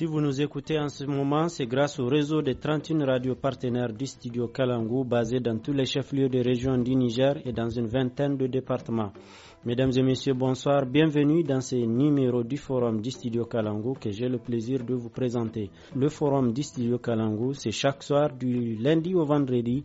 Si vous nous écoutez en ce moment, c'est grâce au réseau des 31 radios partenaires du studio Kalangou basé dans tous les chefs-lieux des régions du Niger et dans une vingtaine de départements. Mesdames et messieurs, bonsoir. Bienvenue dans ce numéro du Forum du Studio Kalango que j'ai le plaisir de vous présenter. Le Forum du Studio Kalango, c'est chaque soir du lundi au vendredi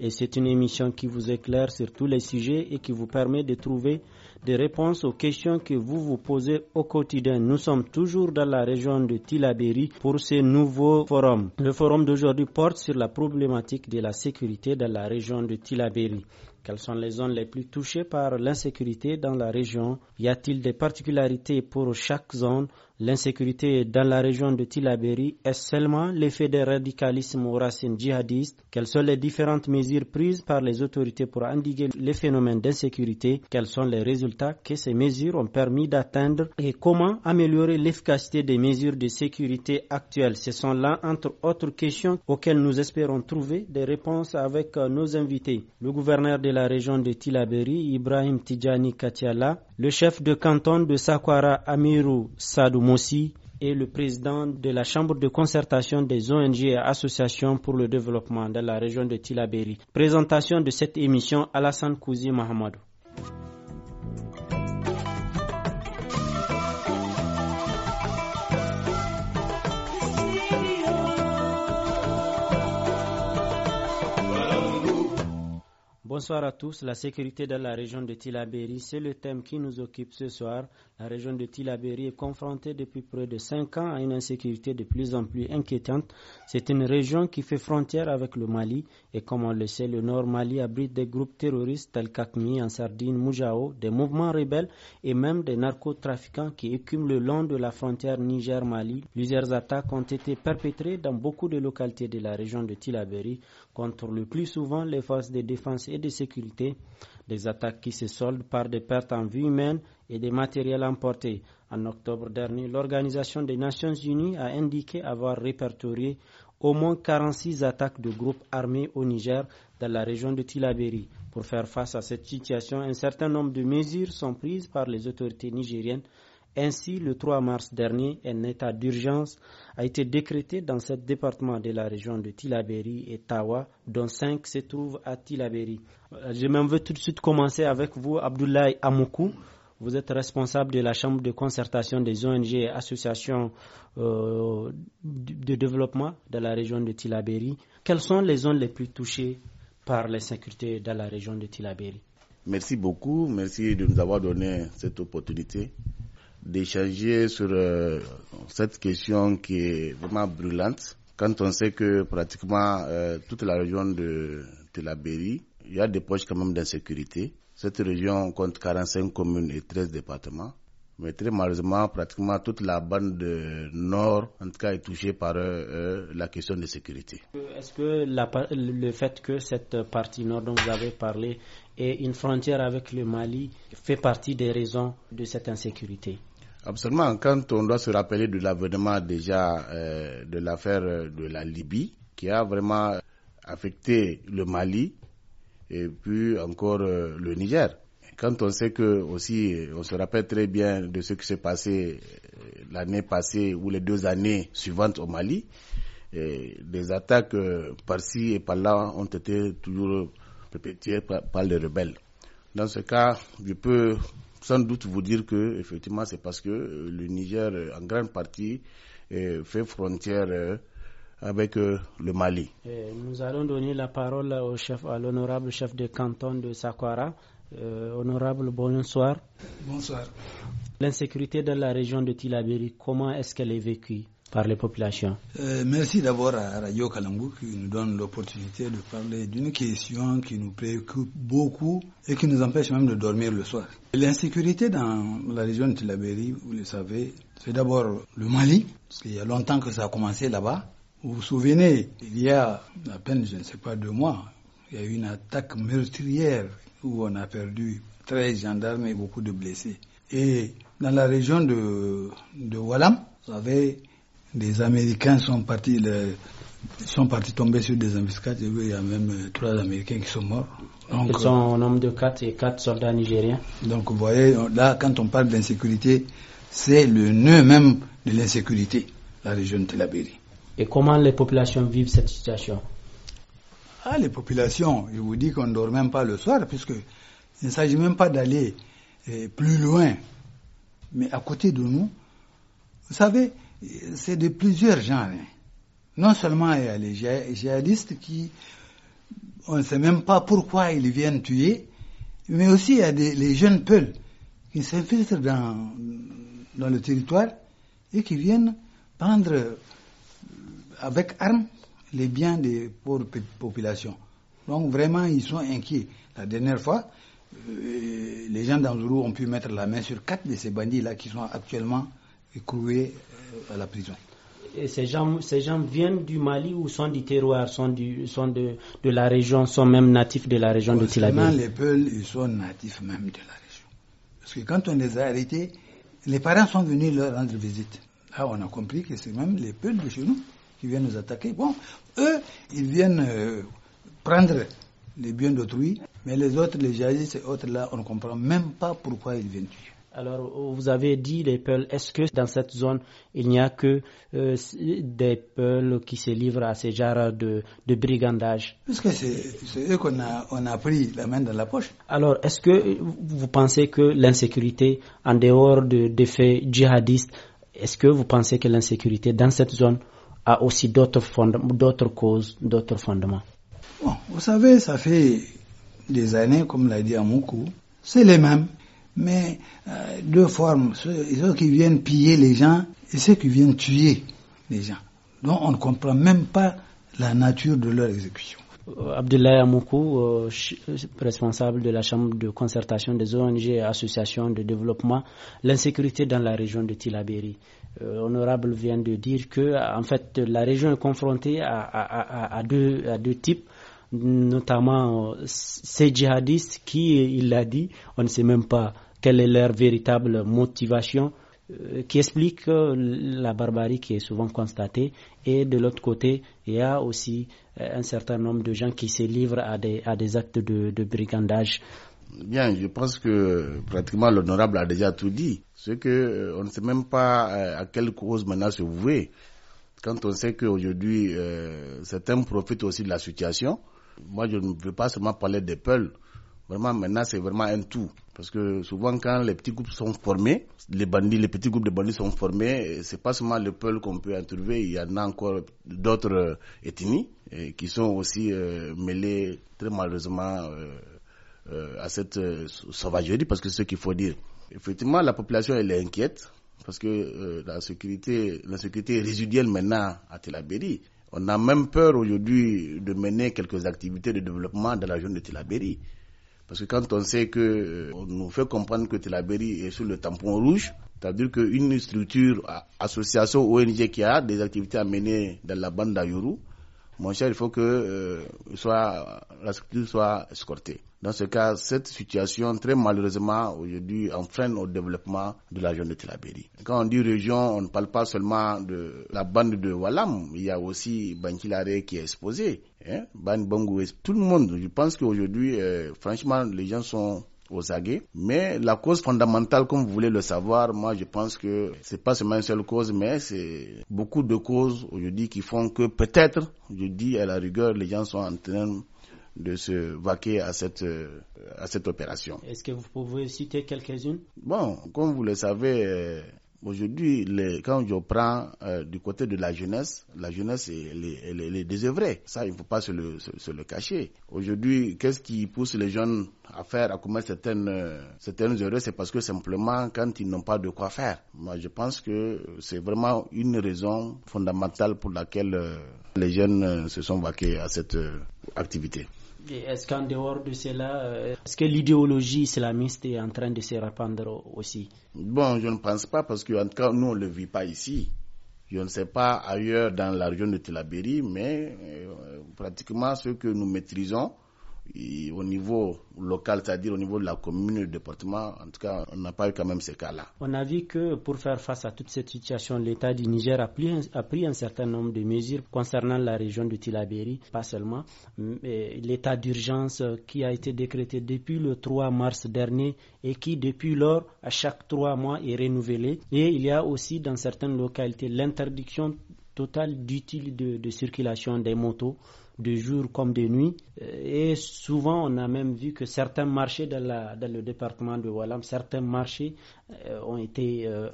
et c'est une émission qui vous éclaire sur tous les sujets et qui vous permet de trouver des réponses aux questions que vous vous posez au quotidien. Nous sommes toujours dans la région de Tilaberi pour ce nouveau forum. Le forum d'aujourd'hui porte sur la problématique de la sécurité dans la région de Tilaberi. Quelles sont les zones les plus touchées par l'insécurité dans la région Y a-t-il des particularités pour chaque zone L'insécurité dans la région de Tilaberi est seulement l'effet des radicalismes aux racines djihadistes. Quelles sont les différentes mesures prises par les autorités pour endiguer les phénomènes d'insécurité Quels sont les résultats que ces mesures ont permis d'atteindre Et comment améliorer l'efficacité des mesures de sécurité actuelles Ce sont là, entre autres questions, auxquelles nous espérons trouver des réponses avec euh, nos invités. Le gouverneur de la région de Tilaberi, Ibrahim Tijani Katiala, le chef de canton de Sakwara, Amirou Sadou aussi est le président de la Chambre de concertation des ONG et associations pour le développement dans la région de Tilaberi. Présentation de cette émission Alassane Kouzi Mahamadou. Bonsoir à tous. La sécurité dans la région de Tilaberi, c'est le thème qui nous occupe ce soir. La région de Tilaberi est confrontée depuis près de cinq ans à une insécurité de plus en plus inquiétante. C'est une région qui fait frontière avec le Mali et comme on le sait, le nord Mali abrite des groupes terroristes tels qu'Akmi, Ansardine, Moujao, des mouvements rebelles et même des narcotrafiquants qui écument le long de la frontière Niger-Mali. Plusieurs attaques ont été perpétrées dans beaucoup de localités de la région de Tilaberi contre le plus souvent les forces de défense et de sécurité des attaques qui se soldent par des pertes en vie humaine, et des matériels emportés. En octobre dernier, l'Organisation des Nations Unies a indiqué avoir répertorié au moins 46 attaques de groupes armés au Niger dans la région de Tilaberi. Pour faire face à cette situation, un certain nombre de mesures sont prises par les autorités nigériennes. Ainsi, le 3 mars dernier, un état d'urgence a été décrété dans sept départements de la région de Tilaberi et Tawa, dont cinq se trouvent à Tilaberi. Euh, je m'en veux tout de suite commencer avec vous, Abdoulaye Amoukou. Vous êtes responsable de la chambre de concertation des ONG et associations euh, de développement dans la région de Tilaberi. Quelles sont les zones les plus touchées par l'insécurité dans la région de Tilaberi Merci beaucoup. Merci de nous avoir donné cette opportunité d'échanger sur euh, cette question qui est vraiment brûlante. Quand on sait que pratiquement euh, toute la région de, Tilaberi, il y a des poches quand même d'insécurité. Cette région compte 45 communes et 13 départements. Mais très malheureusement, pratiquement toute la bande nord, en tout cas, est touchée par euh, euh, la question de sécurité. Est-ce que le fait que cette partie nord dont vous avez parlé est une frontière avec le Mali fait partie des raisons de cette insécurité Absolument. Quand on doit se rappeler de l'avènement déjà euh, de l'affaire de la Libye, qui a vraiment affecté le Mali, et puis encore euh, le Niger. Quand on sait que aussi, on se rappelle très bien de ce qui s'est passé euh, l'année passée ou les deux années suivantes au Mali, des attaques euh, par-ci et par-là ont été toujours répétées par, par les rebelles. Dans ce cas, je peux sans doute vous dire que effectivement c'est parce que le Niger en grande partie fait frontière avec euh, le Mali. nous allons donner la parole au chef, à l'honorable chef de canton de Sakwara. Euh, honorable, bonsoir. Bonsoir. L'insécurité dans la région de Tilaberi, comment est-ce qu'elle est vécue par les populations euh, Merci d'abord à Radio Kalangou qui nous donne l'opportunité de parler d'une question qui nous préoccupe beaucoup et qui nous empêche même de dormir le soir. L'insécurité dans la région de Tilaberi, vous le savez, c'est d'abord le Mali, parce qu'il y a longtemps que ça a commencé là-bas. Vous vous souvenez, il y a à peine, je ne sais pas, deux mois, il y a eu une attaque meurtrière où on a perdu 13 gendarmes et beaucoup de blessés. Et dans la région de, de Wallam, vous savez, des Américains sont partis, sont partis tomber sur des embuscades. Il y a même euh, trois Américains qui sont morts. Ils sont au nombre de quatre et quatre soldats nigériens. Donc vous voyez, là, quand on parle d'insécurité, c'est le nœud même de l'insécurité, la région de Telabéry et comment les populations vivent cette situation ah, les populations, je vous dis qu'on ne dort même pas le soir, puisque il ne s'agit même pas d'aller eh, plus loin, mais à côté de nous, vous savez, c'est de plusieurs genres. Hein. Non seulement il y a les jihadistes qui, on ne sait même pas pourquoi ils viennent tuer, mais aussi il y a des, les jeunes peuls qui s'infiltrent dans, dans le territoire et qui viennent prendre avec armes les biens des pauvres populations. Donc vraiment, ils sont inquiets. La dernière fois, euh, les gens d'Anzourou ont pu mettre la main sur quatre de ces bandits-là qui sont actuellement écroués euh, à la prison. Et ces gens, ces gens viennent du Mali ou sont du terroir, sont, sont de, la région, sont même natifs de la région de Non, les Peuls, ils sont natifs même de la région. Parce que quand on les a arrêtés, les parents sont venus leur rendre visite. Là, on a compris que c'est même les Peuls de chez nous qui viennent nous attaquer. Bon, eux, ils viennent euh, prendre les biens d'autrui, mais les autres, les jihadistes et autres-là, on ne comprend même pas pourquoi ils viennent tuer. Alors, vous avez dit les peuls. Est-ce que dans cette zone, il n'y a que euh, des peuls qui se livrent à ces genres de, brigandage Parce que c'est eux qu'on a, on a pris la main dans la poche. Alors, est-ce que vous pensez que l'insécurité, en dehors de, des faits djihadistes, est-ce que vous pensez que l'insécurité dans cette zone a aussi d'autres d'autres causes, d'autres fondements. Bon, vous savez, ça fait des années, comme l'a dit Amoukou, c'est les mêmes, mais euh, deux formes, ceux, ceux, qui viennent piller les gens et ceux qui viennent tuer les gens. Donc on ne comprend même pas la nature de leur exécution. Euh, Abdoulaye Amoukou, euh, euh, responsable de la Chambre de concertation des ONG et associations de développement, l'insécurité dans la région de Tillabéri. honorable vient de dire que, en fait, la région est confrontée à, deux, types notamment ces djihadistes qui, il l'a dit, on ne sait même pas quelle est leur véritable motivation, qui explique la barbarie qui est souvent constatée. Et de l'autre côté, il y a aussi un certain nombre de gens qui se livrent à des, à des actes de, de brigandage Bien, je pense que pratiquement l'honorable a déjà tout dit. Ce que euh, on ne sait même pas euh, à quelle cause maintenant se vouer. Quand on sait qu'aujourd'hui euh, certains profitent aussi de la situation. Moi, je ne veux pas seulement parler des peuls. Vraiment, maintenant, c'est vraiment un tout. Parce que souvent, quand les petits groupes sont formés, les bandits, les petits groupes de bandits sont formés, c'est pas seulement les peuls qu'on peut en trouver. Il y en a encore d'autres ethnies qui sont aussi euh, mêlés très malheureusement euh, euh, à cette sauvagerie, parce que c'est ce qu'il faut dire. Effectivement, la population elle est inquiète parce que la sécurité, la sécurité résiduelle maintenant à Tel On a même peur aujourd'hui de mener quelques activités de développement dans la zone de Telabéry. Parce que quand on sait que, on nous fait comprendre que Telabéry est sur le tampon rouge, c'est-à-dire qu'une structure, association ONG qui a des activités à mener dans la bande d'Ayuru, mon cher, il faut que euh, soit, la structure soit escortée. Dans ce cas, cette situation, très malheureusement, aujourd'hui, entraîne au développement de la région de Tilaberi. Quand on dit région, on ne parle pas seulement de la bande de Walam, il y a aussi Bankilare qui est exposé, hein, Ban tout le monde. Je pense qu'aujourd'hui, euh, franchement, les gens sont aux aguets. Mais la cause fondamentale, comme vous voulez le savoir, moi je pense que c'est pas seulement une seule cause, mais c'est beaucoup de causes aujourd'hui qui font que peut-être, je dis à la rigueur, les gens sont en train de se vaquer à cette, euh, à cette opération. Est-ce que vous pouvez citer quelques-unes Bon, comme vous le savez, euh, Aujourd'hui, quand je prends euh, du côté de la jeunesse, la jeunesse, elle, est, désœuvrée. Ça, il ne faut pas se le, se, le cacher. Aujourd'hui, qu'est-ce qui pousse les jeunes à faire, à commettre certaines, euh, certaines erreurs C'est parce que simplement, quand ils n'ont pas de quoi faire. Moi, je pense que c'est vraiment une raison fondamentale pour laquelle euh, les jeunes euh, se sont vaqués à cette activité. Est-ce qu'en dehors de cela, euh, est-ce que l'idéologie islamiste est en train de se répandre aussi Bon, je ne pense pas parce qu'en tout cas, nous, on ne le vit pas ici. Je ne sais pas ailleurs dans la région de Tilabéri, mais euh, pratiquement ce que nous maîtrisons, au niveau local, c'est-à-dire au niveau de la commune, du département, en tout cas, on n'a pas eu quand même ces cas-là. On a vu que pour faire face à toute cette situation, l'État du Niger a pris, un, certain nombre de mesures concernant la région de Tilaberi, pas seulement. L'état d'urgence qui a été décrété depuis le 3 mars dernier et qui, depuis lors, à chaque trois mois est renouvelé. Et il y a aussi dans certaines localités l'interdiction totale d'utile de circulation des motos de jour comme de nuit. Euh, et souvent, on a même vu que certains marchés dans, le département de Wallam certains marchés euh, ont été euh,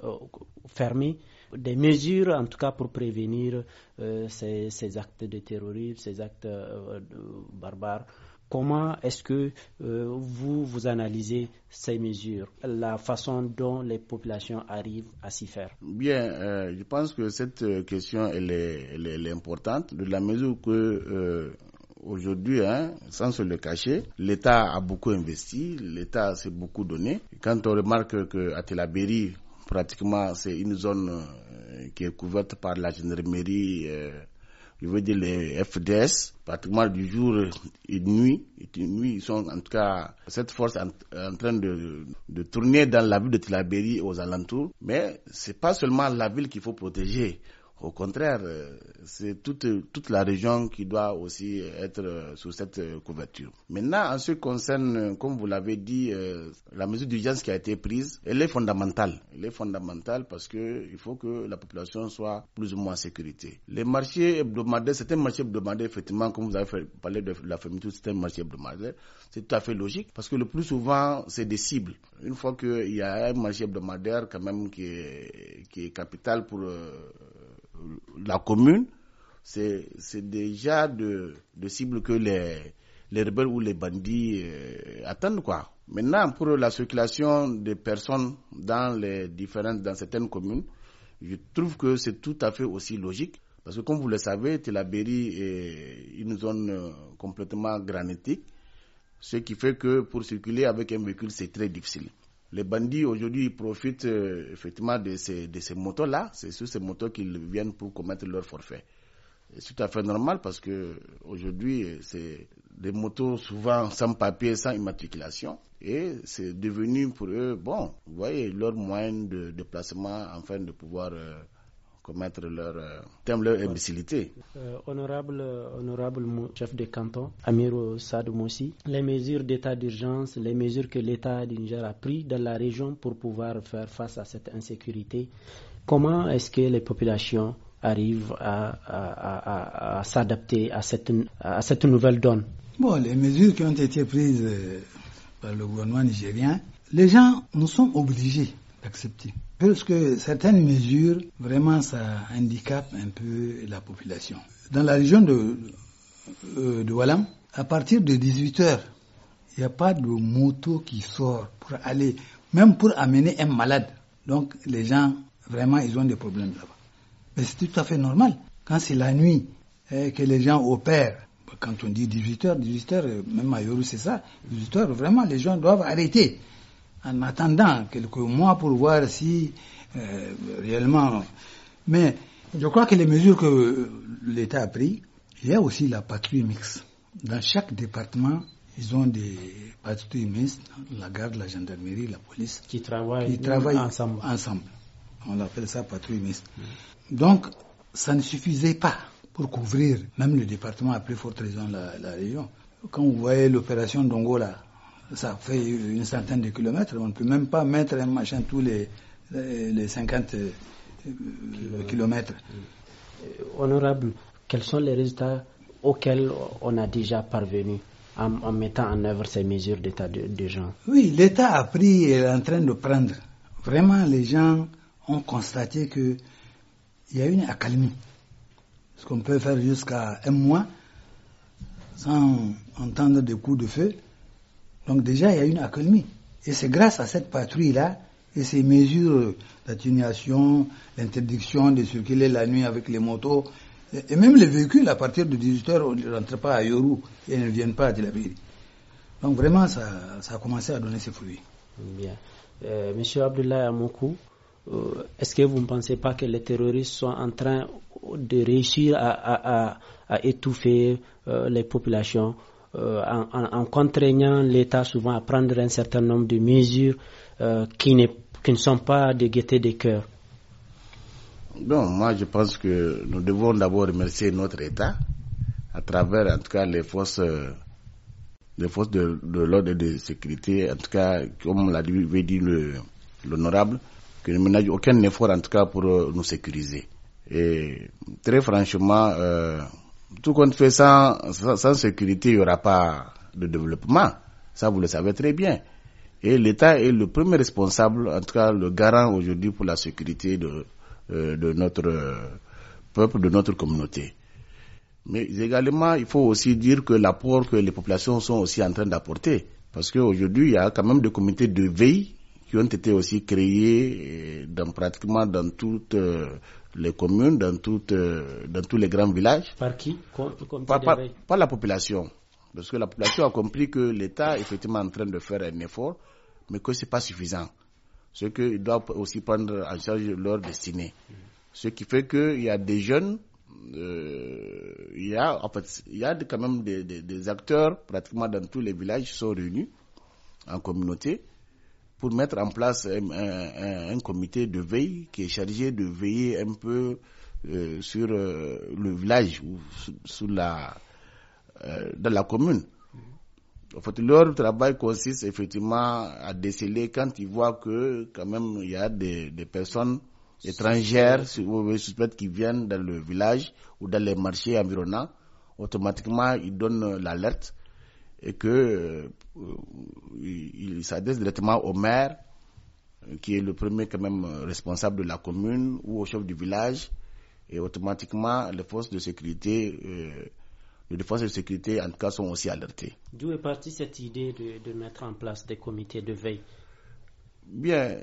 fermés. Des mesures, en tout cas, pour prévenir ces, ces, actes de terrorisme, ces actes barbares. Comment est-ce que euh, vous, vous analysez ces mesures, la façon dont les populations arrivent à s'y faire Bien, euh, je pense que cette euh, question, elle est, importante, de la mesure que... Aujourd'hui, hein, sans se le cacher, l'État a beaucoup investi, l'État s'est beaucoup donné. Quand on remarque à Telabéry, pratiquement, c'est une zone qui est couverte par la gendarmerie je veux dire les FDS, pratiquement du jour et de nuit. Et nuit, ils sont en tout cas, cette force en, en train de, tourner dans la ville de Tilaberi aux alentours. Mais c'est pas seulement la ville qu'il faut protéger. Au contraire, euh, c'est toute, toute la région qui doit aussi être euh, sous cette euh, couverture. Maintenant, en ce qui concerne, comme vous l'avez dit, la mesure d'urgence qui a été prise, elle est fondamentale. Elle est fondamentale parce qu'il faut que la population soit plus ou moins en sécurité. Les marchés hebdomadaires, c'est un marché hebdomadaire, effectivement, comme vous avez parlé de la fermeture, c'est un marché hebdomadaire. C'est tout à fait logique parce que le plus souvent, c'est des cibles. Une fois qu'il y a un marché hebdomadaire quand même qui est, qui est capital pour la commune, c'est déjà de, de cible que les, les rebelles ou les bandits euh, attendent quoi. Maintenant, pour la circulation des personnes dans les différentes, dans certaines communes, je trouve que c'est tout à fait aussi logique. Parce que comme vous le savez, Telabéry est une zone euh, complètement granitique, ce qui fait que pour circuler avec un véhicule, c'est très difficile. Les bandits aujourd'hui profitent euh, effectivement de ces, de ces motos-là. C'est sur ces motos qu'ils viennent pour commettre leur forfait. C'est tout à fait normal parce que aujourd'hui c'est des motos souvent sans papier, sans immatriculation. Et c'est devenu pour eux, bon, vous voyez, leur moyen de déplacement afin de pouvoir euh, commettre leur euh, leur imbécilité. Euh, honorable, euh, honorable chef de canton, Amiro Sad Moussi, les mesures d'état d'urgence, les mesures que l'État du Niger a prises dans la région pour pouvoir faire face à cette insécurité, comment est-ce que les populations arrivent à, s'adapter à cette, à cette nouvelle donne Bon, les mesures qui ont été prises par le gouvernement nigérien, les gens nous sont obligés d'accepter. Parce que certaines mesures, vraiment, ça handicape un peu la population. Dans la région de, euh, de Walam, à partir de 18h, il n'y a pas de moto qui sort pour aller, même pour amener un malade. Donc les gens, vraiment, ils ont des problèmes là-bas. Mais c'est tout à fait normal. Quand c'est la nuit eh, que les gens opèrent, bah, quand on dit 18h, euh, 18h, même à Yoru c'est ça, 18h, vraiment, les gens doivent arrêter en attendant quelques mois pour voir si euh, réellement. Mais je crois que les mesures que l'État a prises, il y a aussi la patrouille mixte. Dans chaque département, ils ont des patrouilles mixtes, la garde, la gendarmerie, la police, qui travaillent, ensemble. ensemble. On appelle ça patrouille mixte. Donc, ça ne suffisait pas pour couvrir même le département, après pris forte raison la, la région. Quand vous voyez l'opération d'Ongola, ça fait une centaine de kilomètres. On ne peut même pas mettre un machin tous les, les 50 euh, kilomètres. Euh, honorable, quels sont les résultats auxquels on a déjà parvenu en, mettant en œuvre ces mesures d'état des gens Oui, l'État a pris et est en train de prendre. Vraiment, les gens ont constaté qu'il y a une accalmie. Ce qu'on peut faire jusqu'à un mois sans entendre des coups de feu, donc déjà, il y a une accalmie. Et c'est grâce à cette patrouille-là et ces mesures d'atténuation, l'interdiction de circuler la nuit avec les motos, et même les véhicules, à partir de 18h, ne rentrent pas à Yorou et ne viennent pas à la Aviv. Donc vraiment, ça, ça, a commencé à donner ses fruits. Bien. Euh, monsieur Abdullah Amoukou, euh, est-ce que vous ne pensez pas que les terroristes sont en train de réussir à, étouffer euh, les populations euh, en, en, contraignant l'État souvent à prendre un certain nombre de mesures euh, qui, qui, ne sont pas de gaieté des cœurs Bon, moi je pense que nous devons d'abord remercier notre État à travers en tout cas les forces euh, les forces de, de l'ordre et de sécurité, en tout cas, comme l'a dit l'honorable, que ne ménage aucun effort, en tout cas, pour euh, nous sécuriser. Et très franchement, euh, tout compte fait, sans, sans, sécurité, il n'y aura pas de développement. Ça, vous le savez très bien. Et l'État est le premier responsable, en tout cas le garant aujourd'hui pour la sécurité de, euh, de notre euh, peuple, de notre communauté. Mais également, il faut aussi dire que l'apport que les populations sont aussi en train d'apporter. Parce qu'aujourd'hui, il y a quand même des comités de veille qui ont été aussi créés euh, dans, pratiquement dans toute les communes, dans, toutes, euh, dans tous les grands villages. Par qui par, la population. Parce que la population a compris que l'État est effectivement en train de faire un effort, mais que ce pas suffisant. Ce qu'il doivent aussi prendre en charge leur destinée. Ce qui fait qu'il y a des jeunes, euh, il, y a, en fait, il y a quand même des, acteurs pratiquement dans tous les villages qui sont réunis en communauté pour mettre en place un, comité de veille qui est chargé de veiller un peu euh, sur euh, le village ou sous la, euh, dans la commune. leur travail consiste effectivement à déceler quand ils voient que quand même il y a des, personnes étrangères, suspectes qui viennent dans le village ou dans les marchés environnants, automatiquement ils donnent l'alerte et que euh, il, s'adresse directement au maire, euh, qui est le premier quand même euh, responsable de la commune ou au chef du village, et automatiquement les forces de sécurité, sécurité en tout cas sont aussi alertées. D'où est partie cette idée de, mettre en place des comités de veille Bien,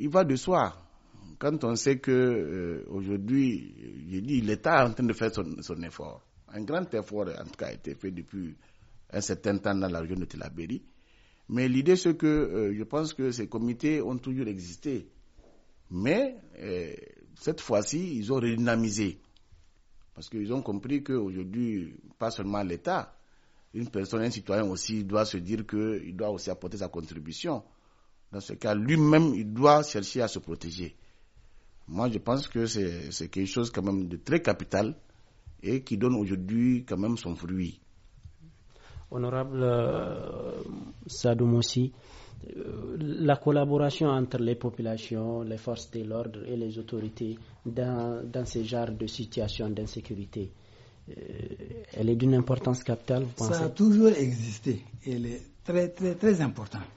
il va de soi. Quand on sait que aujourd'hui, je dis, l'État est en train de faire son, son effort. Un grand effort en tout cas a été fait depuis un certain temps dans la région de Tilaberi. Mais l'idée, c'est que euh, je pense que ces comités ont toujours existé. Mais euh, cette fois-ci, ils ont redynamisé. Parce qu'ils ont compris qu'aujourd'hui, pas seulement l'État, une personne, un citoyen aussi doit se dire qu'il doit aussi apporter sa contribution. Dans ce cas, lui-même, il doit chercher à se protéger. Moi, je pense que c'est quelque chose quand même de très capital et qui donne aujourd'hui quand même son fruit honorable euh, Sadou aussi, euh, la collaboration entre les populations, les forces de l'ordre et les autorités dans, ce genre de situation d'insécurité, euh, elle est d'une importance capitale, vous Ça a toujours existé. Elle est très, très, très importante.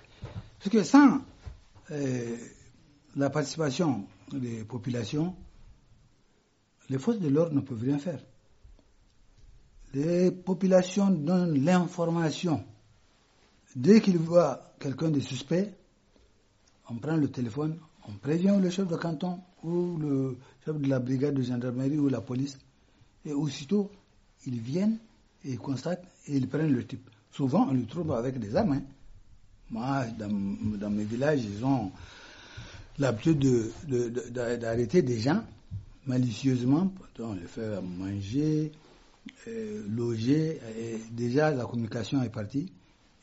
Parce que sans la participation des populations, les forces de l'ordre ne peuvent rien faire les populations donnent l'information. Dès qu'ils voient quelqu'un de suspect, on prend le téléphone, on prévient le chef de canton ou le chef de la brigade de gendarmerie ou la police. Et aussitôt, ils viennent et ils constatent et ils prennent le type. Souvent, on le trouve avec des armes. Hein. Moi, dans, mes villages, ils ont l'habitude d'arrêter des gens malicieusement. On les faire manger, euh, euh, déjà la communication est partie,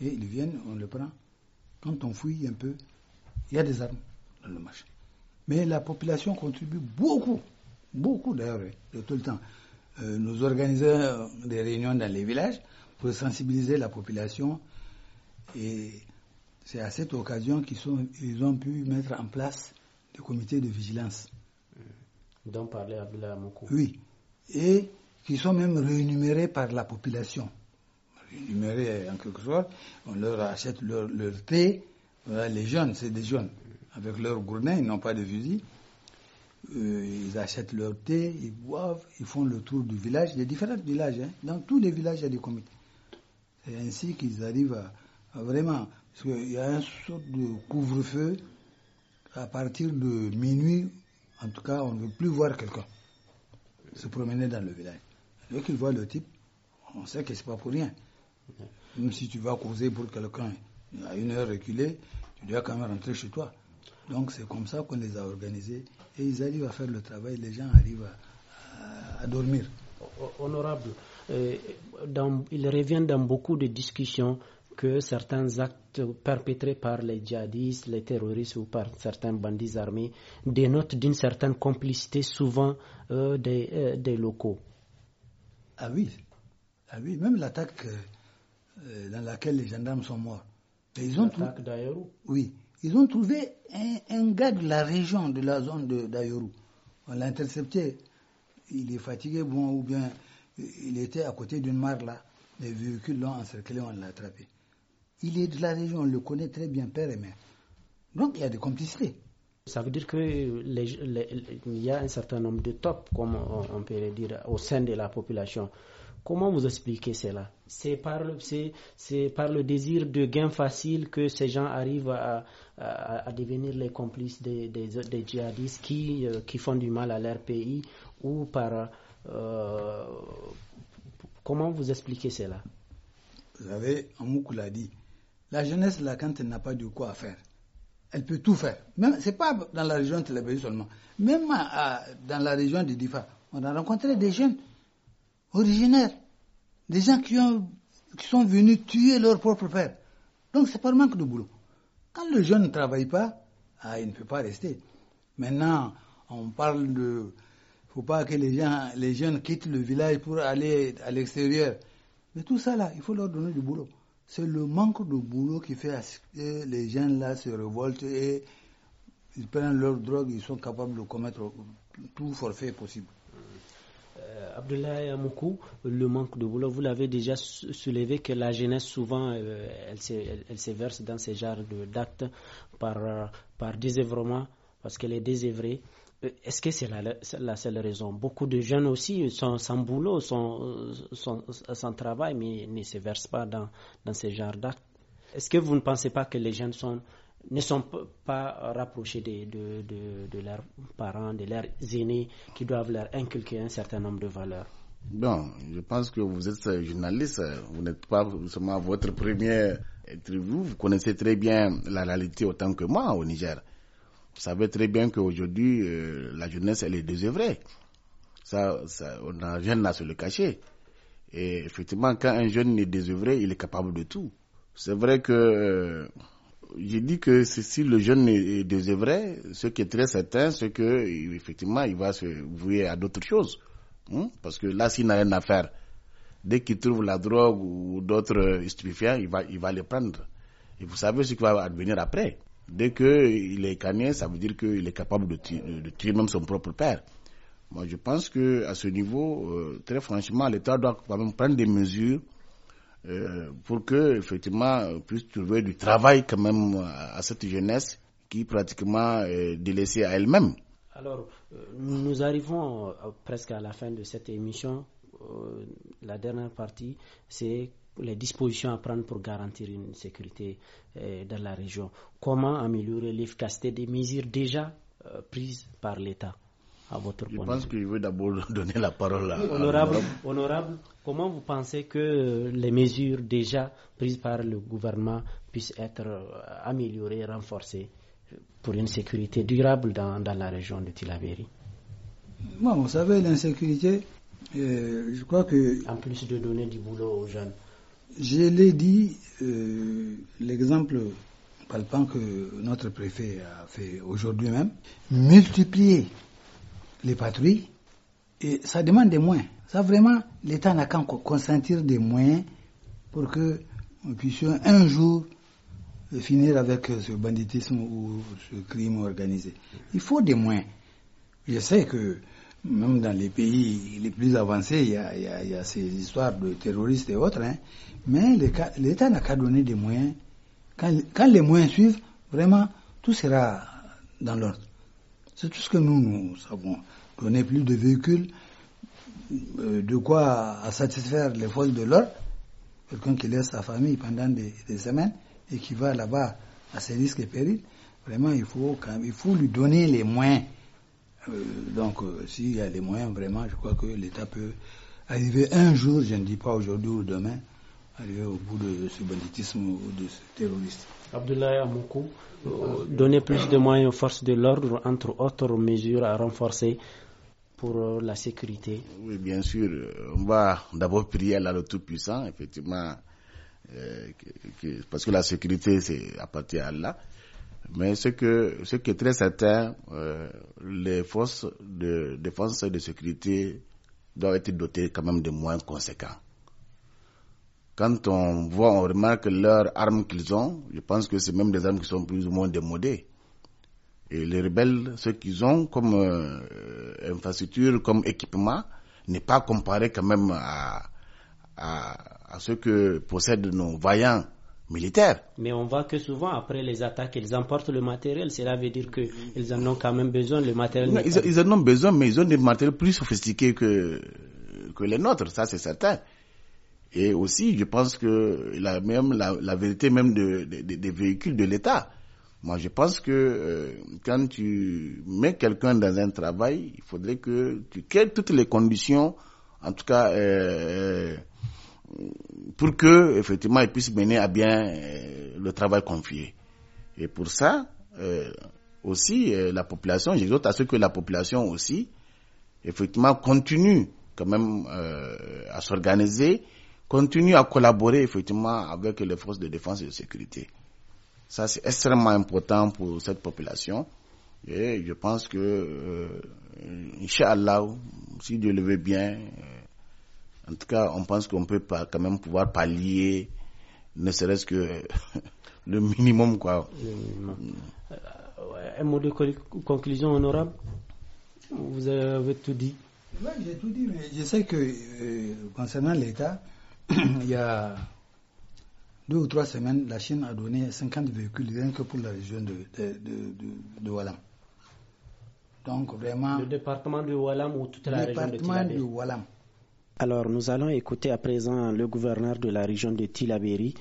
et ils viennent, on le prend. Quand on fouille un peu, il y a des armes dans le marché. Mais la population contribue beaucoup, beaucoup d'ailleurs, hein, de tout le temps. Euh, nous organisons euh, des réunions dans les villages pour sensibiliser la population et c'est à cette occasion qu'ils ils ont pu mettre en place des comités de vigilance. Mmh. Dont parlait Abdullah Moukou. Oui. Et qui sont même rémunérés par la population. Rémunérés en quelque sorte, on leur achète leur, thé, les jeunes, c'est des jeunes, avec leur gourmets, ils n'ont pas de fusil. Euh, ils achètent leur thé, ils boivent, ils font le tour du village, des différents villages. Hein. Dans tous les villages, il y a des comités. C'est ainsi qu'ils arrivent à, vraiment. Parce qu'il y a une sorte de couvre-feu à partir de minuit, en tout cas, on ne veut plus voir quelqu'un se promener dans le village. Dès qu'ils voient le type, on sait que ce n'est pas pour rien. Même si tu vas causer pour quelqu'un à une heure reculée, tu dois quand même rentrer chez toi. Donc c'est comme ça qu'on les a organisés et ils arrivent à faire le travail, les gens arrivent à, dormir. Honorable, euh, il revient dans beaucoup de discussions que certains actes perpétrés par les djihadistes, les terroristes ou par certains bandits armés dénotent d'une certaine complicité souvent euh, euh, des locaux. Ah, ah oui, même l'attaque euh, euh, dans laquelle les gendarmes sont morts. ils ont l'attaque d'Ayoru Oui, ils ont trouvé un, gars de la région, de la zone d'Ayoru. On l'a intercepté. Il est fatigué, ou bien euh, il était à côté d'une mare là. Les véhicules l'ont encerclé, on l'a attrapé. Il est de la région, on le connaît très bien, père et mère. Donc il y a des complicités. Ça veut dire qu'il y a un certain nombre de tops, comme on, pourrait dire, au sein de la population. Comment vous expliquez cela C'est par, le désir de gain facile que ces gens arrivent à, devenir les complices des, djihadistes euh, qui, font du mal à leur pays ou par... Euh, comment vous expliquez cela Vous avez, Amoukou l'a dit, la jeunesse, là, quand n'a pas de quoi faire, elle peut tout faire. Ce n'est pas dans la région de Aviv seulement. Même euh, dans la région de Difa, on a rencontré des jeunes originaires, des gens qui, ont, qui sont venus tuer leur propre père. Donc c'est par manque de boulot. Quand le jeune ne travaille pas, ah, il ne peut pas rester. Maintenant, on parle de, faut pas que les gens, les jeunes quittent le village pour aller à l'extérieur. Mais tout ça là, il faut leur donner du boulot. C'est le manque de boulot qui fait que les jeunes là se révoltent et ils prennent leur drogue, ils sont capables de commettre tout forfait possible. Euh, Abdoulaye le manque de boulot, vous l'avez déjà soulevé que la jeunesse souvent euh, elle, se, verse dans ce genre d'actes par, euh, par désœuvrement parce qu'elle est désœuvrée. Est-ce que c'est la, seule raison Beaucoup de jeunes aussi sont sans boulot, sans travail, mais ne se versent pas dans, ce genre d'actes. Est-ce que vous ne pensez pas que les jeunes sont, ne sont pas rapprochés de, leurs parents, de leurs aînés, qui doivent leur inculquer un certain nombre de valeurs Bon, je pense que vous êtes journaliste, vous n'êtes pas seulement votre premier... interview, vous connaissez très bien la réalité autant que moi au Niger. Vous savez très bien qu'aujourd'hui, euh, la jeunesse, elle est désœuvrée. Ça, on n'a rien à se le cacher. Et effectivement, quand un jeune est désœuvré, il est capable de tout. C'est vrai que euh, j'ai dit que si le jeune est désœuvré, ce qui est très certain, c'est que effectivement, il va se vouer à d'autres choses. Hein? Parce que là, s'il n'a rien à faire, dès qu'il trouve la drogue ou d'autres euh, stupéfiants, il va, il va les prendre. Et vous savez ce qui va advenir après. Dès qu'il est cané, ça veut dire qu'il est capable de tuer, même son propre père. Moi, je pense que à ce niveau, euh, très franchement, l'État doit quand même prendre des mesures euh, pour que effectivement puisse trouver du travail quand même euh, à, cette jeunesse qui pratiquement délaissée à elle-même. Alors, nous arrivons presque à la fin de cette émission. La dernière partie, c'est les dispositions à prendre pour garantir une sécurité euh, dans la région. Comment améliorer l'efficacité des mesures déjà euh, prises par l'État à votre Je pense qu'il veut d'abord donner la parole à. Honorable, honorable, comment vous pensez que euh, les mesures déjà prises par le gouvernement puissent être améliorées, renforcées pour une sécurité durable dans, la région de Tilaveri Moi, vous savez, l'insécurité, je crois que. En plus de donner du boulot aux jeunes. Je l'ai dit, euh, l'exemple palpant que notre préfet a fait aujourd'hui même, multiplier les patrouilles, et ça demande des moyens. Ça vraiment, l'État n'a qu'à consentir des moyens pour que nous puissions un jour finir avec ce banditisme ou ce crime organisé. Il faut des moyens. Je sais que même dans les pays les plus avancés, il y a, ces histoires de terroristes et autres, hein. mais l'État n'a qu'à donner des moyens. Quand, les moyens suivent, vraiment, tout sera dans l'ordre. C'est tout ce que nous, nous savons. Donner plus de véhicules, euh, de quoi satisfaire les forces de l'ordre, quelqu'un qui laisse sa famille pendant des, semaines et qui va là-bas à ses risques et périls, vraiment, il faut, il faut lui donner les moyens. Euh, donc, euh, s'il y a des moyens, vraiment, je crois que l'État peut arriver un jour, je ne dis pas aujourd'hui ou demain, arriver au bout de ce banditisme ou de ce terrorisme. Abdoulaye Amoukou, euh, donner plus de moyens aux forces de l'ordre, entre autres mesures à renforcer pour la sécurité. Oui, bien sûr. On va d'abord prier à la Tout-Puissant, effectivement, parce que la sécurité, c'est appartient à Allah. Mais ce, ce qui est très certain, euh, les forces de défense et de sécurité doivent être dotées quand même de moyens conséquents. Quand on voit, on remarque leurs armes qu'ils ont, je pense que c'est même des armes qui sont plus ou moins démodées. Et les rebelles, ce qu'ils ont comme euh, infrastructure, comme équipement, n'est pas comparé quand même à ce que possèdent nos vaillants militaire. Mais on voit que souvent, après les attaques, ils emportent le matériel. Cela veut dire qu'ils en ont quand même besoin, le matériel. ils, en ont besoin, mais ils ont des matériels plus sophistiqués que, que les nôtres, ça c'est certain. Et aussi, je pense que la, même, la, vérité même de, des véhicules de l'État. Moi, je pense que euh, quand tu mets quelqu'un dans un travail, il faudrait que tu crées toutes les conditions, en tout cas... Euh, euh, pour que effectivement ils puissent mener à bien euh, le travail confié. Et pour ça euh, aussi euh, la population, j'exhorte à ce que la population aussi effectivement continue quand même à s'organiser, continue à collaborer effectivement avec les forces de défense et de sécurité. Ça c'est extrêmement important pour cette population. Et je pense que, euh, Inch'Allah, si Dieu le veut bien, en tout cas, on pense qu'on peut pas, quand même pouvoir pallier, ne serait-ce que le minimum. Quoi. Euh, un mot de conclusion honorable Vous avez tout dit Oui, j'ai tout dit, mais je sais que euh, concernant l'État, il y a deux ou trois semaines, la Chine a donné 50 véhicules rien que pour la région de, de, Wallam. Donc vraiment. Le département de Wallam ou toute la région de Le département Wallam. Alors, nous allons écouter à présent le gouverneur de la région de Tilaberi,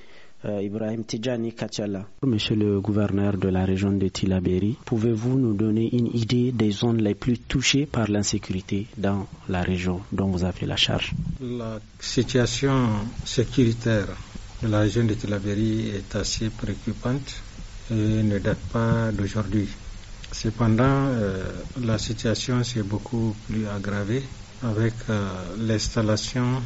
euh, Ibrahim Tidjani Kachalla. Monsieur le gouverneur de la région de Tilaberi, pouvez-vous nous donner une idée des zones les plus touchées par l'insécurité dans la région dont vous avez la charge La situation sécuritaire de la région de Tilaberi est assez préoccupante et ne date pas d'aujourd'hui. Cependant, euh, la situation s'est beaucoup plus aggravée avec euh, l'installation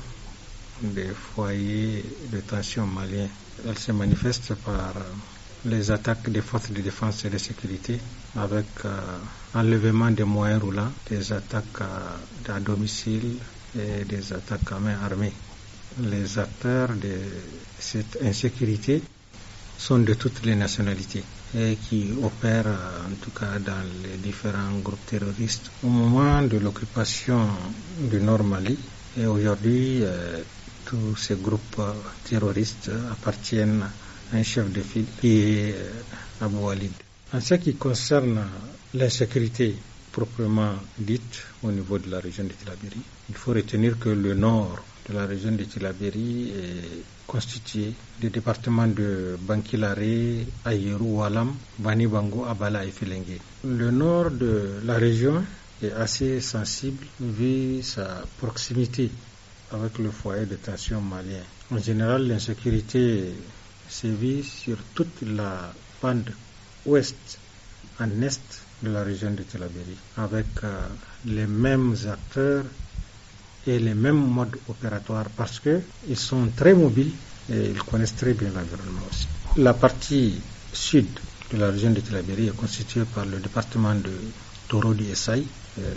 des foyers de tension maliens. Elle se manifeste par euh, les attaques des forces de défense et de sécurité avec euh, enlèvement des moyens roulants, des attaques euh, à, domicile et des attaques à main armée. Les acteurs de cette insécurité sont de toutes les nationalités et qui opèrent en tout cas dans les différents groupes terroristes. Au moment de l'occupation du Nord Mali, et aujourd'hui, euh, tous ces groupes terroristes appartiennent à un chef de file qui est euh, Abou Walid. En ce qui concerne l'insécurité proprement dite au niveau de la région de Tilaberi, il faut retenir que le nord de la région de tilabéry est constitué des départements de Bankilare, Ayeru, Walam, Bani Bango, Abala et Filingue. Le nord de la région est assez sensible vu sa proximité avec le foyer de tension malien. En général, l'insécurité sévit sur toute la bande ouest en est de la région de Telabéry avec euh, les mêmes acteurs et les mêmes modes opératoires parce qu'ils sont très mobiles et ils connaissent très bien l'environnement aussi. La partie sud de la région de Tilabéry est constituée par le département de Toro et Essaï.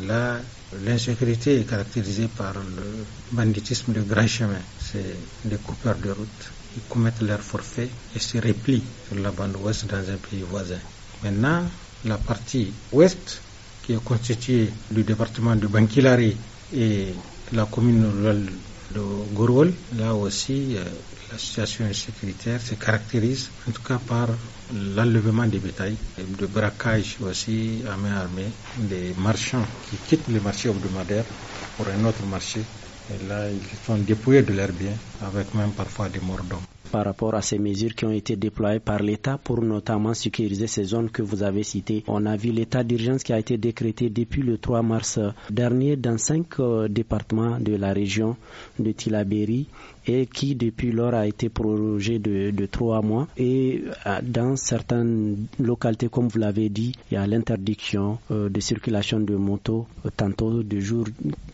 Là, l'insécurité est caractérisée par le banditisme de grand chemin. C'est des coupeurs de route. Ils commettent leurs forfaits et se replient sur la bande ouest dans un pays voisin. Maintenant, la partie ouest, qui est constituée du département de Bankilari et la commune rurale de Gorol, là aussi, euh, la situation sécuritaire se caractérise en tout cas par l'enlèvement des bétails, le braquage aussi à main armée, des marchands qui quittent le marché hebdomadaire pour un autre marché. Et là, ils sont dépouillés de leurs biens, avec même parfois des morts par rapport à ces mesures qui ont été déployées par l'État pour notamment sécuriser ces zones que vous avez citées. On a vu l'état d'urgence qui a été décrété depuis le 3 mars dernier dans cinq euh, départements de la région de Tilaberi et qui depuis lors a été prorogé de, trois mois. Et euh, dans certaines localités, comme vous l'avez dit, il y a l'interdiction euh, de circulation de motos, euh, tantôt de jour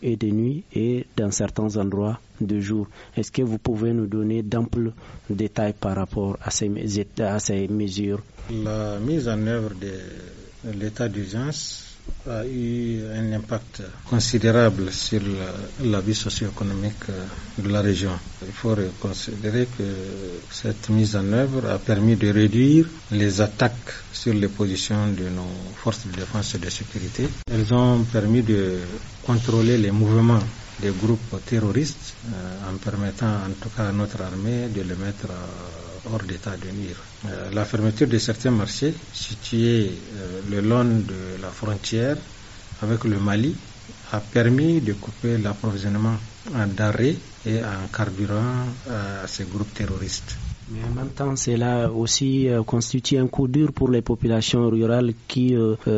et de nuit, et dans certains endroits de jour. Est-ce que vous pouvez nous donner d'amples détails par rapport à ces, à ces mesures La mise en œuvre de l'état d'urgence a eu un impact considérable sur la, vie socio-économique euh, de la région. Il faut considérer que cette mise en œuvre a permis de réduire les attaques sur les positions de nos forces de défense et de sécurité. Elles ont permis de contrôler les mouvements des groupes terroristes euh, en permettant en tout cas à notre armée de les mettre à hors d'état de nuire. Euh, la fermeture de certains marchés situés euh, le long de la frontière avec le Mali a permis de couper l'approvisionnement en et en carburant euh, à ces groupes terroristes. Mais en même temps, cela aussi constitué constitue un coup dur pour les populations rurales qui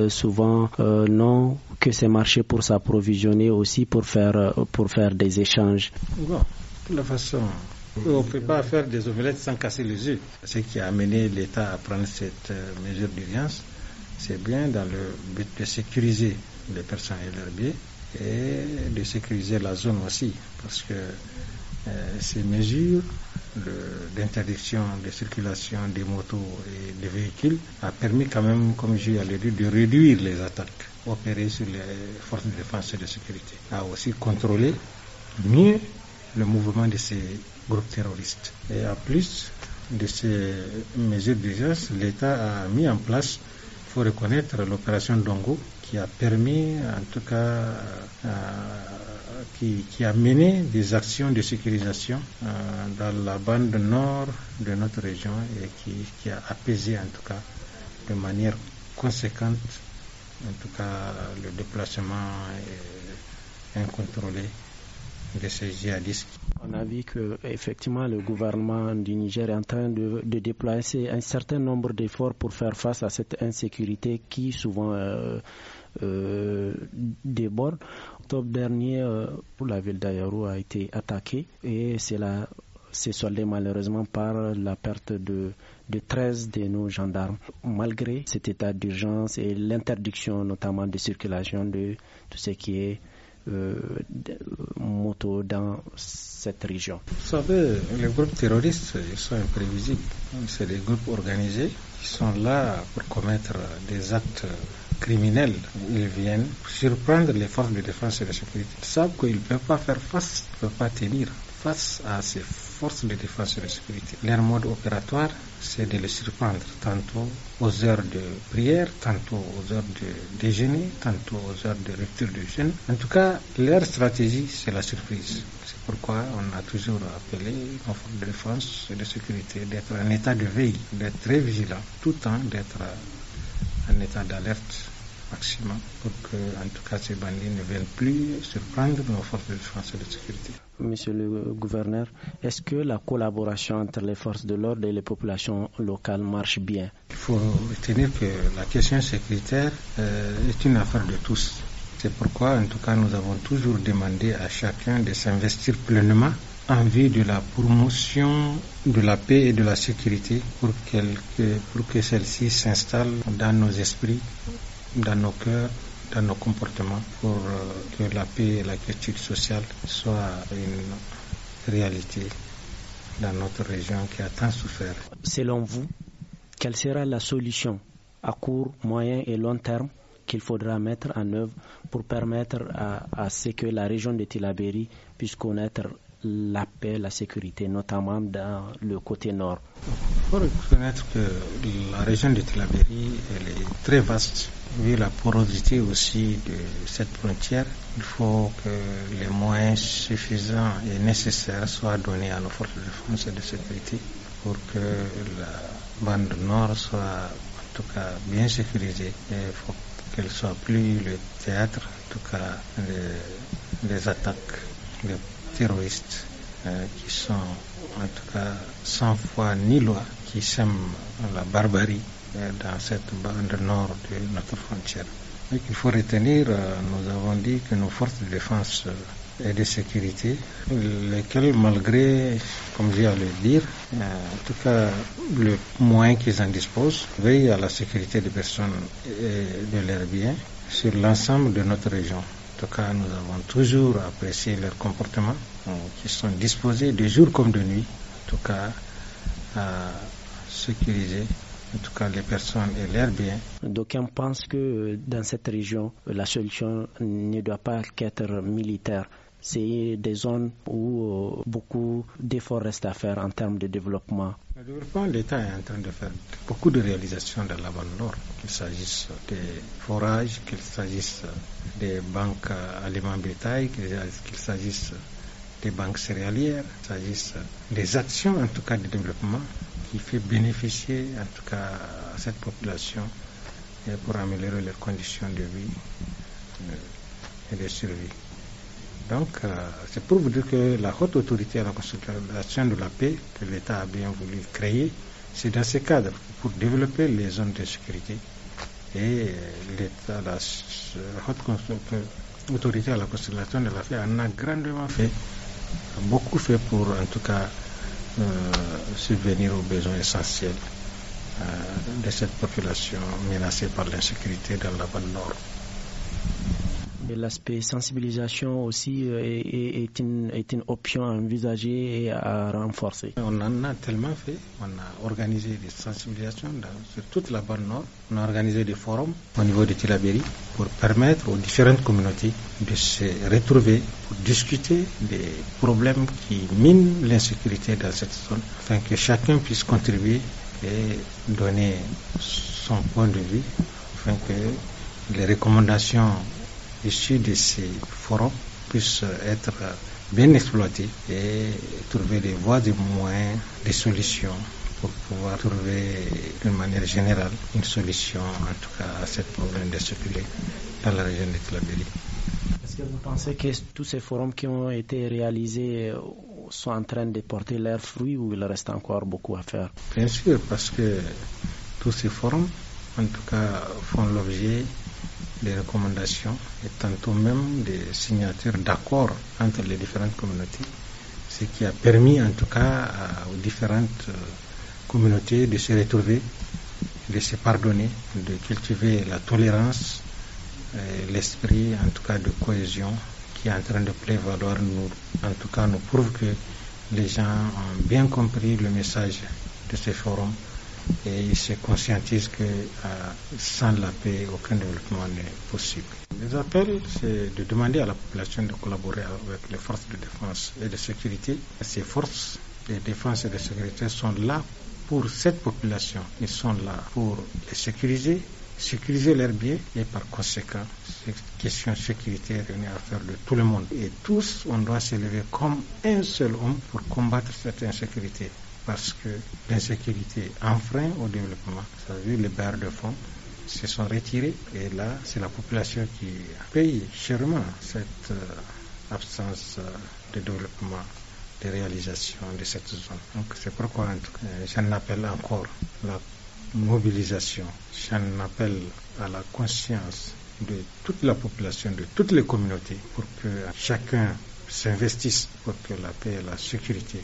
souvent n'ont que ces marchés pour s'approvisionner aussi pour faire, pour faire des échanges. de toute façon, on ne peut pas faire des omelettes sans casser les yeux. Ce qui a amené l'État à prendre cette euh, mesure d'urgence, c'est bien dans le but de sécuriser les personnes et leurs biens et de sécuriser la zone aussi, parce que euh, ces mesures d'interdiction de circulation des motos et des véhicules a permis quand même, comme je l'ai dit, de réduire les attaques opérées sur les forces de défense et de sécurité, a aussi contrôlé mieux le mouvement de ces groupes terroriste. Et en plus de ces mesures d'urgence, l'État a mis en place, il faut reconnaître, l'opération Dongo, qui a permis, en tout cas, euh, qui, a mené des actions de sécurisation euh, dans la bande nord de notre région et qui, qui, a apaisé, en tout cas, de manière conséquente, en tout cas, le déplacement euh, incontrôlé ces On a vu que effectivement le gouvernement du Niger est en train de, de déplacer un certain nombre d'efforts pour faire face à cette insécurité qui souvent euh, euh déborde. Octobre dernier, euh, la ville d'Ayarou a été attaquée et c'est s'est soldé malheureusement par la perte de, de 13 de nos gendarmes. Malgré cet état d'urgence et l'interdiction notamment de circulation de tout ce qui est euh, moto dans cette région. Vous savez, les groupes terroristes, sont imprévisibles. C'est des groupes organisés qui sont là pour commettre des actes criminels. Ils viennent surprendre les forces de défense et de sécurité. Ils savent qu'ils ne peuvent pas faire face, ne peuvent pas tenir face à ces forces de défense et de sécurité. Leur mode opératoire, c'est de les surprendre tantôt aux heures de prière, tantôt aux heures de déjeuner, tantôt aux heures de rupture du jeûne. En tout cas, leur stratégie, c'est la surprise. C'est pourquoi on a toujours appelé aux forces de défense et de sécurité d'être en état de veille, d'être très vigilant, tout le temps d'être en état d'alerte maximum pour que, en tout cas, ces bandits ne viennent plus surprendre nos forces de défense et de sécurité. Monsieur le gouverneur, est-ce que la collaboration entre les forces de l'ordre et les populations locales marche bien Il faut retenir que la question sécuritaire euh, est une affaire de tous. C'est pourquoi, en tout cas, nous avons toujours demandé à chacun de s'investir pleinement en vue de la promotion de la paix et de la sécurité pour, pour que celle-ci s'installe dans nos esprits, dans nos cœurs dans nos comportements pour euh, que la paix et la quiétude sociale soient une réalité dans notre région qui a tant souffert. Selon vous, quelle sera la solution à court, moyen et long terme qu'il faudra mettre en œuvre pour permettre à, à ce que la région de Tilaberi puisse connaître la paix, la sécurité, notamment dans le côté nord. Il faut reconnaître que la région de Telabéry, elle est très vaste. Vu la porosité aussi de cette frontière, il faut que les moyens suffisants et nécessaires soient donnés à nos forces de défense et de sécurité pour que la bande nord soit en tout cas bien sécurisée. Et il faut qu'elle soit plus le théâtre, en tout cas, des, des attaques, des terroristes euh, qui sont en tout cas sans foi ni loi, qui sèment la barbarie euh, dans cette bande nord de notre frontière. il faut retenir, euh, nous avons dit que nos forces de défense et de sécurité, lesquelles, malgré, comme je le dire, en tout cas, le moyen qu'ils en disposent, veillent à la sécurité des personnes et de leurs biens sur l'ensemble de notre région. En tout cas, nous avons toujours apprécié leur comportement, euh, qui sont disposés de jour comme de nuit, en tout cas, à sécuriser en tout cas les personnes et leurs biens. D'aucuns pensent que euh, dans cette région, la solution ne doit pas qu'être militaire c'est des zones où euh, beaucoup d'efforts restent à faire en termes de développement. Le développement, l'État est en train de faire beaucoup de réalisations dans la bande Nord, qu'il s'agisse des forages, qu'il s'agisse des banques aliments bétail, qu'il s'agisse des banques céréalières, qu'il s'agisse des actions en tout cas de développement qui fait bénéficier en tout cas à cette population pour améliorer les conditions de vie euh, et de survie. Donc, euh, c'est pour vous dire que la haute autorité à la consultation de la paix que l'État a bien voulu créer, c'est dans ce cadre pour développer les zones de sécurité. Et l'État, la haute autorité à la constitution de la paix en a grandement fait, beaucoup fait pour en tout cas euh, subvenir aux besoins essentiels euh, de cette population menacée par l'insécurité dans la bande nord. L'aspect sensibilisation aussi euh, est, est, une, option à envisager et à renforcer. On en a tellement fait. On a organisé des sensibilisations sur toute la bande nord. On a organisé des forums au niveau de Tilaberi pour permettre aux différentes communautés de se retrouver pour discuter des problèmes qui minent l'insécurité dans cette zone afin que chacun puisse contribuer et donner son point de vue afin que les recommandations issus de ces forums puissent être euh, bien exploités et trouver des voies, des moyens, des solutions pour pouvoir trouver d'une manière générale une solution en tout cas à ce problème de circuler dans la région de Tlabéli. Est-ce que vous pensez que tous ces forums qui ont été réalisés euh, sont en train de porter leurs fruits ou il reste encore beaucoup à faire Bien sûr, parce que tous ces forums en tout cas font l'objet des recommandations et tantôt même des signatures d'accord entre les différentes communautés, ce qui a permis en tout cas aux différentes euh, communautés de se retrouver, de se pardonner, de cultiver la tolérance, euh, l'esprit en tout cas de cohésion qui est en train de prévaloir, nous, en tout cas nous prouve que les gens ont bien compris le message de ce forum et ils se conscientisent que euh, sans la paix, aucun développement n'est possible. Les appels, c'est de demander à la population de collaborer avec les forces de défense et de sécurité. Ces forces de défense et de sécurité sont là pour cette population. Ils sont là pour les sécuriser, sécuriser leurs biens et par conséquent, cette question sécurité est une affaire de tout le monde. Et tous, on doit s'élever comme un seul homme pour combattre cette insécurité parce que l'insécurité enfreint au développement. Ça veut les barres de fonds se sont retirées, et là c'est la population qui paye chèrement cette euh, absence euh, de développement de réalisation de cette zone. Donc c'est pourquoi euh, j'en appelle encore la mobilisation, j'en appelle à la conscience de toute la population, de toutes les communautés pour que chacun s'investisse pour que la paix et la sécurité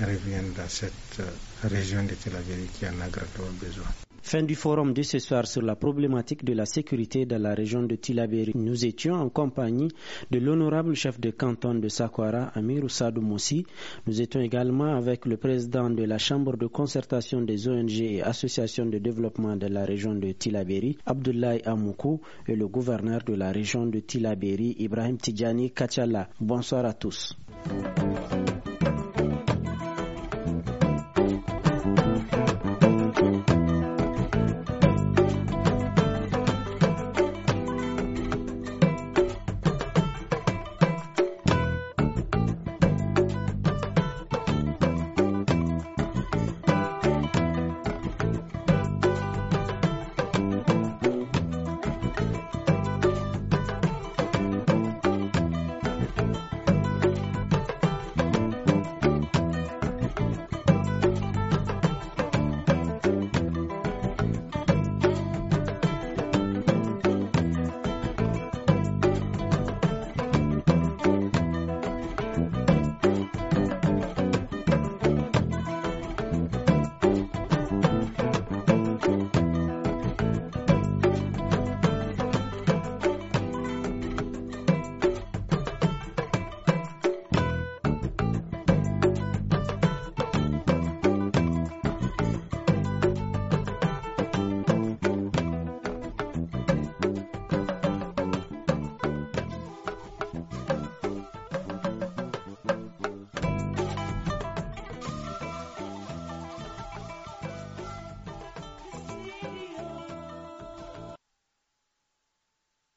reviennent dans cette euh, région de Tel qui en a grandement besoin. Fin du forum de ce soir sur la problématique de la sécurité dans la région de Tilaberi. Nous étions en compagnie de l'honorable chef de canton de Sakwara, Amir Sadou Moussi. Nous étions également avec le président de la Chambre de concertation des ONG et associations de développement de la région de Tilaberi, Abdoulaye Amoukou, et le gouverneur de la région de Tilaberi, Ibrahim Tidjani Kachala. Bonsoir à tous.